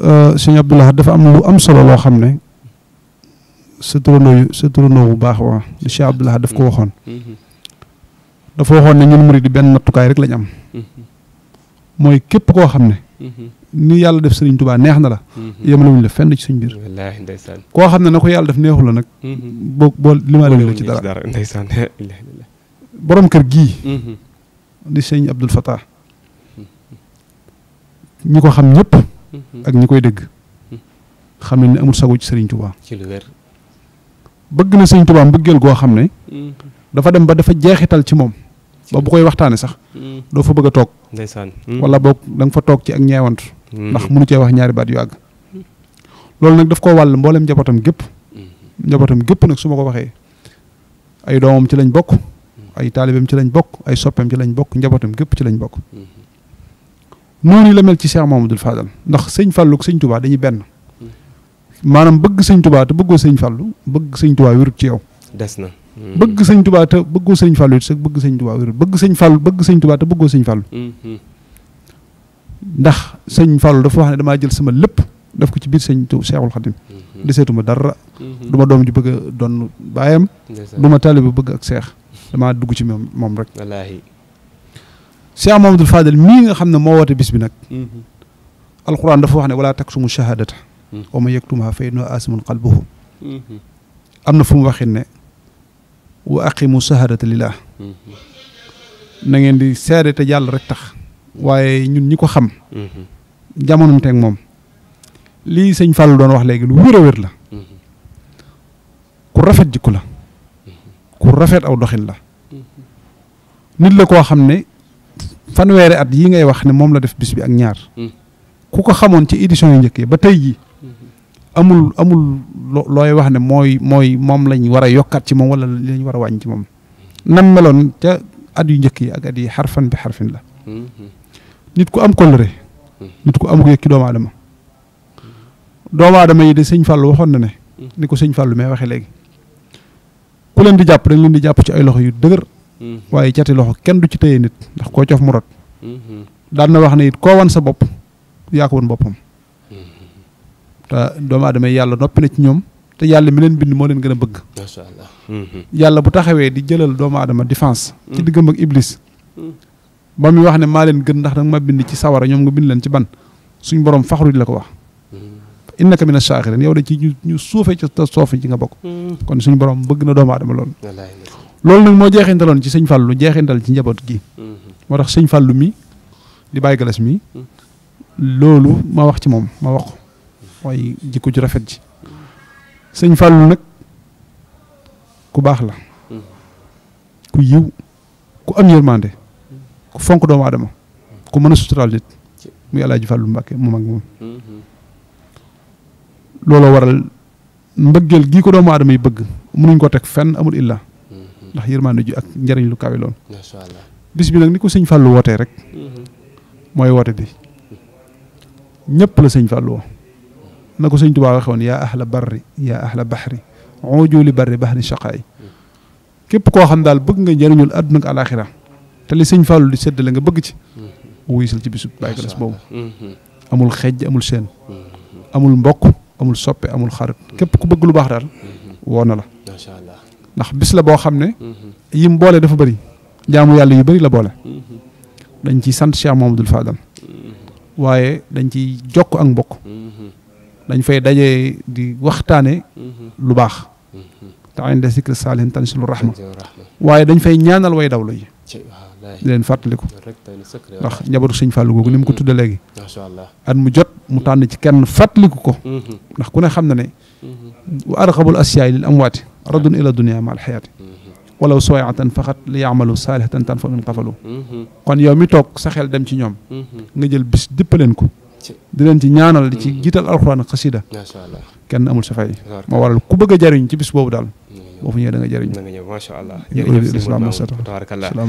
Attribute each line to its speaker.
Speaker 1: Euh, sëñ Abdou Lahad dafa am lu am solo loo xam ne sa turandoo sa turandoo bu baax waa di Cheikh Abdou daf ko mm-hmm. waxoon mm-hmm. dafa waxoon ne ñun murid di benn nattukaay rek lañ am mm-hmm. mooy képp koo xam ne ni yàlla def sëriñ Tuubaa neex na la yemalewuñ la fenn ci suñ biir wallaahi koo xam ne na ko yàlla def neexu la nag boo boo limaale la ci dara ndeysaan borom kër gii di sëñ Abdul Fatah ñi ko xam ñëpp Mm-hmm. ak ñi koy dégg mm-hmm. xam nañ ne amul sago ci sëriñ Tuubaa ci lu wér bëgg na sëriñ Tuubaa mbëggeel goo xam ne mm-hmm. dafa dem ba dafa jeexital ci moom ba bu koy waxtaane sax doo fa bëgg a toog ndeysaan wala boog da fa toog ci ak ñeewant ndax munu cee wax ñaari baat yu àgg loolu nag daf ko wàll mboolem njabootam gépp njabootam gépp nag su ma ko waxee ay doomam ci lañ bokk ay taalibeem ci lañ bokk ay soppeem lañ bokk njabootam gépp ci lañ bokk noonu la mel ci Cheikh dul Fadal ndax sëñ Fallou ak sëñ Touba dañuy benn maanaam bëgg sëñ Touba te bëggoo sëñ fallu bëgg sëñ Touba ci yow. des na. bëgg sëñ te bëggoo sëñ Fallou te bëgg sëñ Touba bëgg sëñ Fallou bëgg sëñ Touba te bëggoo sëñ Fallou. Mm-hmm. ndax sëñ Fallou dafa wax ne damaa jël sama lépp daf ko ci biir sëñ Touba Cheikhul Khadim. Mm-hmm. deseetuma dara. Mm-hmm. du ma doom ji bëgg a doon baayam. du ma taalibe bëgg ak seex damaa dugg ci moom moom rek. Cheikh Mamadou Fadel mii nga xam ne moo woote bis bi nag mhm. alquran dafa wax ne wala taksumu shahadata mhm. wa man yaktumha fa innahu asimun qalbuhu mhm. am na fu mu waxin ne wa aqimu shahadata lillah na ngeen di seede te yàlla rek tax waaye ñun ñi ko xam jamono teeg moom lii sëñ Fall doon wax léegi lu wér a wér la ku rafet jikku la ku rafet aw doxin la nit la koo xam ne fanweeri at yi ngay wax ne moom la def bis bi ak ñaar hmm. ku ko xamoon ci édition yu njëkk yi ba tey jii hmm. amul amul looy wax ne mooy mooy moom lañ war a yokkaat ci moom wala lañ war a wàññ ci moom hmm. nam meloon ca at yu njëkk yi ak at yi xarfan bi xarfin la nit ku am kóllëre nit ku am ko yëg ci doomu aadama doomu aadama yi de sëñ Fallou waxoon na ne ni ko sëñ Fallou may waxee léegi ku leen di jàpp dañ leen di jàpp ci ay loxo yu dëgër Mm-hmm. waaye cati loxo kenn du ci téye nit ndax koo cof mu rot mm-hmm. daan na wax ne it koo wan sa bopp yaa ko wan boppam mm-hmm. te doomu aadama yàlla noppi na ci ñoom te yàlla mi leen bind moo leen gën a bëgg masha yàlla bu taxawee di jëlal doomu adama défense ci diggam ak iblis ba muy wax ne maa leen gën ndax danga ma bind ci sawara ñoom nga bind leen ci ban suñ borom faxruj la ko wax innaka mina shaakirin yow de ci ñu suufee ci ta soofe ci nga bokk kon suñu borom bëgg na doomu aadama loolu nag moo jeexintaloon ci sëñ Fallou jeexintal ci njaboot gi. Mm-hmm. moo tax sëñ Fallou mi di bàyyi galas mi. loolu ma wax ci moom ma wax ko waaye jikko ci rafet ji. sëñ Fallou nag ku baax la. Mm-hmm. ku yiw ku am yërmande. ku doomu aadama. ku mën a suturaal nit. muy El Hadj mu mag moom. Mm-hmm. looloo waral mbëggeel gii ko doomu aadama yi bëgg nuñ ko teg fenn amul illa ndax yërmaande ji ak njëriñ lu bis bi nag ni ko sëñ Fallou wootee rek. Mm-hmm. mooy woote bi ñëpp la sëñ Fallou na ko sëñ Tuubaa waxee woon yaa ahla barri yaa ahla baxri ojooli barri baxri shaqaay képp koo xam daal bëgg nga njëriñul àdduna ak alaaxira te li sëñ Fallou di séddale nga bëgg ci. Mm-hmm. wuyusil ci bisub Baye Galass boobu. Mm-hmm. amul xejj amul seen. amul mbokk amul soppe amul xarit képp ku bëgg lu baax daal woo la. ndax bis la boo xam ne. yim boole dafa bari jaamu yàlla yu bari la boole. dañ ciy sant moom Mamadou Fadal. waaye dañ ci jokk ak mbokk. dañ fay daje di waxtaane lu baax. te inda zikri saalihin tanzilu rahma. waaye dañ fay ñaanal way daw yi. di leen fàttaliku. ndax njabootu sëñ Fallou googu ni mu ko tudda léegi. macha allah at mu jot mu tànn ci kenn fàttaliku ko. Mhm. ndax ku ne xam na ne. Mhm. wa arxabul asiyaay lil amwaati raddun ila dunia ma alxayaati mm-hmm. walaw sooyaatan faxat li yaamalu saalihatan tan fa min qafalu mm-hmm. kon yow mi toog sa xel dem ci ñoom mm-hmm. nga jël bis dëppaleen ko di leen ci ñaanal di ci jiital alxuraan xasida kenn amul sa fay waral ku bëgg a jariñ ci bis boobu daal boo fu ñëwee da nga jëriñ. da nga allah